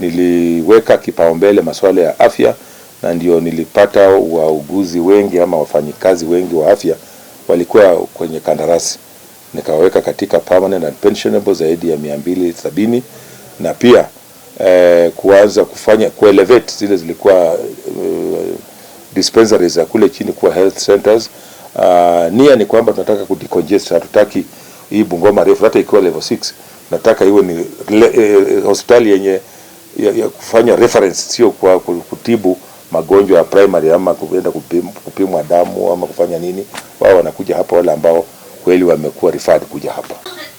niliweka kipaumbele masuala ya afya, na ndio nilipata wauguzi wengi ama wafanyikazi wengi wa afya walikuwa kwenye kandarasi, nikaweka katika permanent and pensionable zaidi ya sabini na pia eh, kuanza kufanya kuelevate zile zilikuwa uh, dispensaries za kule chini kuwa health centers. Uh, nia ni kwamba tunataka kudecongest, hatutaki hii Bungoma refu hata ikiwa level 6 nataka iwe ni eh, hospitali yenye ya, ya kufanya reference, sio kwa kutibu magonjwa ya primary ama kuenda kupimwa kupim damu ama kufanya nini. Wao wanakuja hapa wale ambao kweli wamekuwa referred kuja hapa.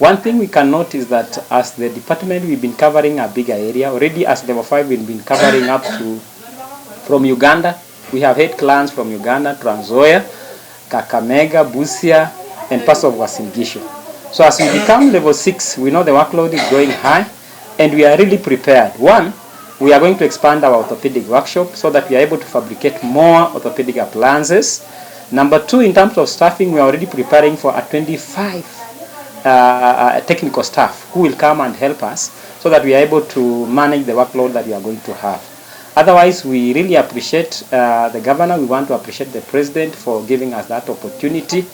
One thing we can note is that as the department we've been covering a bigger area already. As the five we've been covering up to from Uganda. We have had clans from Uganda, Trans Nzoia, Kakamega, Busia and parts of Uasin Gishu. So as we become level 6, we know the workload is going high and we are really prepared. One, we are going to expand our orthopedic workshop so that we are able to fabricate more orthopedic appliances. Number two, in terms of staffing, we are already preparing for a 25 uh, uh, technical staff who will come and help us so that we are able to manage the workload that we are going to have. Otherwise, we really appreciate uh, the governor. We want to appreciate the president for giving us that opportunity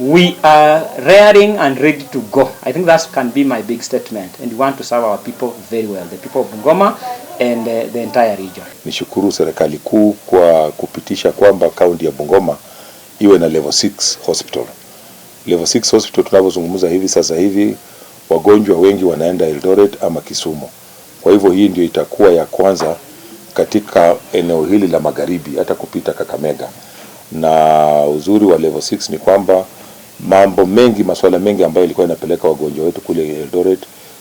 we are raring and ready to go. I think that can be my big statement and we want to serve our people very well, the people of Bungoma and uh, the entire region. Nishukuru serikali kuu kwa kupitisha kwamba kaunti ya Bungoma iwe na level 6 hospital. Level 6 hospital tunavyozungumza hivi sasa hivi wagonjwa wengi wanaenda Eldoret ama Kisumu. Kwa hivyo hii ndio itakuwa ya kwanza katika eneo hili la magharibi hata kupita Kakamega. Na uzuri wa level 6 ni kwamba mambo mengi, masuala mengi ambayo ilikuwa inapeleka wagonjwa wetu kule Eldoret,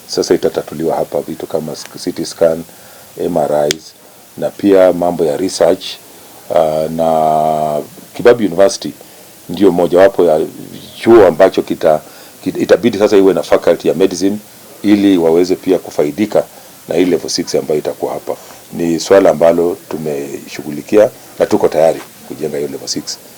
sasa itatatuliwa hapa, vitu kama CT scan, MRIs na pia mambo ya research uh, na Kibabi University ndio mojawapo ya chuo ambacho kita, kita itabidi sasa iwe na faculty ya medicine ili waweze pia kufaidika na hii level 6 ambayo itakuwa hapa. Ni swala ambalo tumeshughulikia na tuko tayari kujenga hiyo level 6.